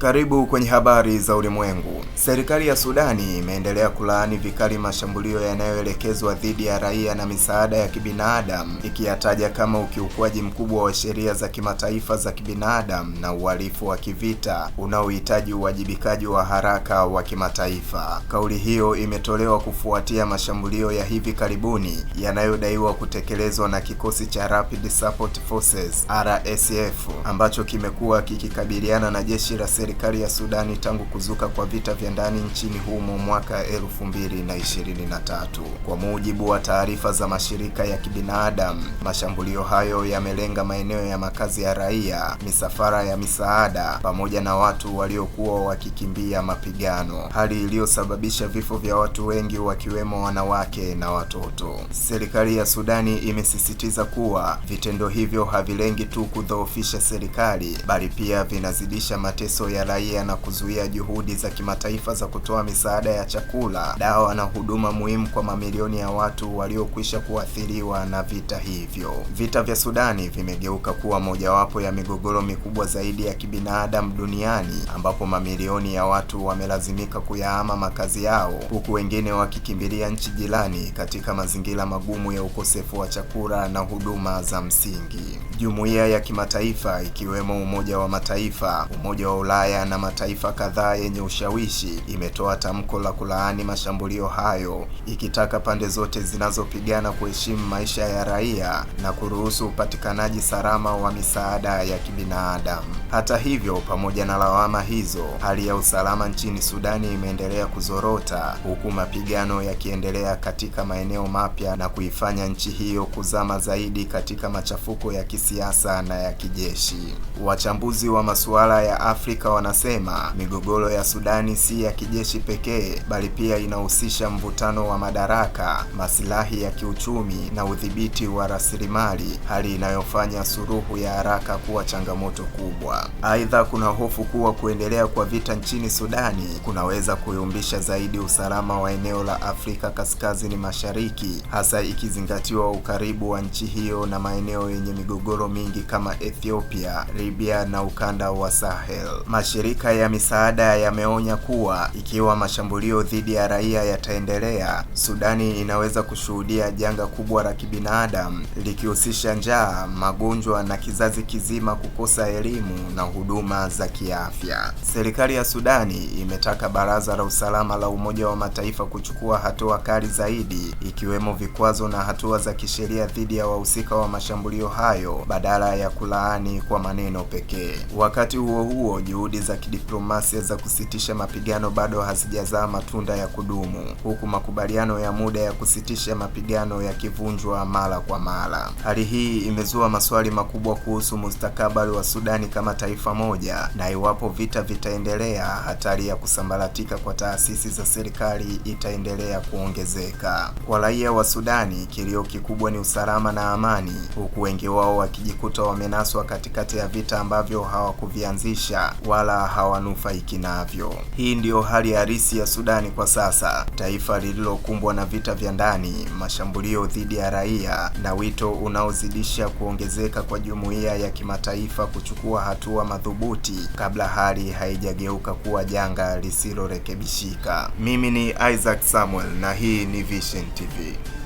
Karibu kwenye habari za ulimwengu. Serikali ya Sudani imeendelea kulaani vikali mashambulio yanayoelekezwa dhidi ya raia na misaada ya kibinadamu, ikiyataja kama ukiukwaji mkubwa wa sheria za kimataifa za kibinadamu na uhalifu wa kivita unaohitaji uwajibikaji wa haraka wa kimataifa. Kauli hiyo imetolewa kufuatia mashambulio ya hivi karibuni yanayodaiwa kutekelezwa na kikosi cha Rapid Support Forces RSF ambacho kimekuwa kikikabiliana na jeshi la serikali ya Sudani tangu kuzuka kwa vita vya ndani nchini humo mwaka 2023. Kwa mujibu wa taarifa za mashirika ya kibinadamu, mashambulio hayo yamelenga maeneo ya makazi ya raia, misafara ya misaada pamoja na watu waliokuwa wakikimbia mapigano, hali iliyosababisha vifo vya watu wengi wakiwemo wanawake na watoto. Serikali ya Sudani imesisitiza kuwa vitendo hivyo havilengi tu kudhoofisha serikali bali pia vinazidisha mateso ya ya raia na kuzuia juhudi za kimataifa za kutoa misaada ya chakula, dawa na huduma muhimu kwa mamilioni ya watu waliokwisha kuathiriwa na vita hivyo. Vita vya Sudani vimegeuka kuwa mojawapo ya migogoro mikubwa zaidi ya kibinadamu duniani, ambapo mamilioni ya watu wamelazimika kuyahama makazi yao, huku wengine wakikimbilia nchi jirani katika mazingira magumu ya ukosefu wa chakula na huduma za msingi. Jumuiya ya kimataifa ikiwemo Umoja wa Mataifa, Umoja wa Ulaya Ulaya na mataifa kadhaa yenye ushawishi imetoa tamko la kulaani mashambulio hayo, ikitaka pande zote zinazopigana kuheshimu maisha ya raia na kuruhusu upatikanaji salama wa misaada ya kibinadamu. Hata hivyo, pamoja na lawama hizo, hali ya usalama nchini Sudani imeendelea kuzorota, huku mapigano yakiendelea katika maeneo mapya na kuifanya nchi hiyo kuzama zaidi katika machafuko ya kisiasa na ya kijeshi. Wachambuzi wa masuala ya Afrika wanasema migogoro ya Sudani si ya kijeshi pekee, bali pia inahusisha mvutano wa madaraka, masilahi ya kiuchumi na udhibiti wa rasilimali, hali inayofanya suluhu ya haraka kuwa changamoto kubwa. Aidha, kuna hofu kuwa kuendelea kwa vita nchini Sudani kunaweza kuyumbisha zaidi usalama wa eneo la Afrika Kaskazini Mashariki, hasa ikizingatiwa ukaribu wa nchi hiyo na maeneo yenye migogoro mingi kama Ethiopia, Libya na ukanda wa Sahel. Mashirika ya misaada yameonya kuwa ikiwa mashambulio dhidi ya raia yataendelea, Sudani inaweza kushuhudia janga kubwa la kibinadamu likihusisha njaa, magonjwa na kizazi kizima kukosa elimu na huduma za kiafya. Serikali ya Sudani imetaka Baraza la Usalama la Umoja wa Mataifa kuchukua hatua kali zaidi, ikiwemo vikwazo na hatua za kisheria dhidi ya wahusika wa mashambulio hayo badala ya kulaani kwa maneno pekee. Wakati huo huo, juhudi juhudi za kidiplomasia za kusitisha mapigano bado hazijazaa matunda ya kudumu, huku makubaliano ya muda ya kusitisha mapigano yakivunjwa mara kwa mara. Hali hii imezua maswali makubwa kuhusu mustakabali wa Sudani kama taifa moja, na iwapo vita vitaendelea, hatari ya kusambaratika kwa taasisi za serikali itaendelea kuongezeka. Kwa raia wa Sudani, kilio kikubwa ni usalama na amani, huku wengi wao wakijikuta wamenaswa katikati ya vita ambavyo hawakuvianzisha wa wala hawanufaiki navyo. Hii ndiyo hali halisi ya Sudani kwa sasa, taifa lililokumbwa na vita vya ndani, mashambulio dhidi ya raia na wito unaozidisha kuongezeka kwa jumuiya ya kimataifa kuchukua hatua madhubuti kabla hali haijageuka kuwa janga lisilorekebishika. Mimi ni Isaac Samuel na hii ni Vision TV.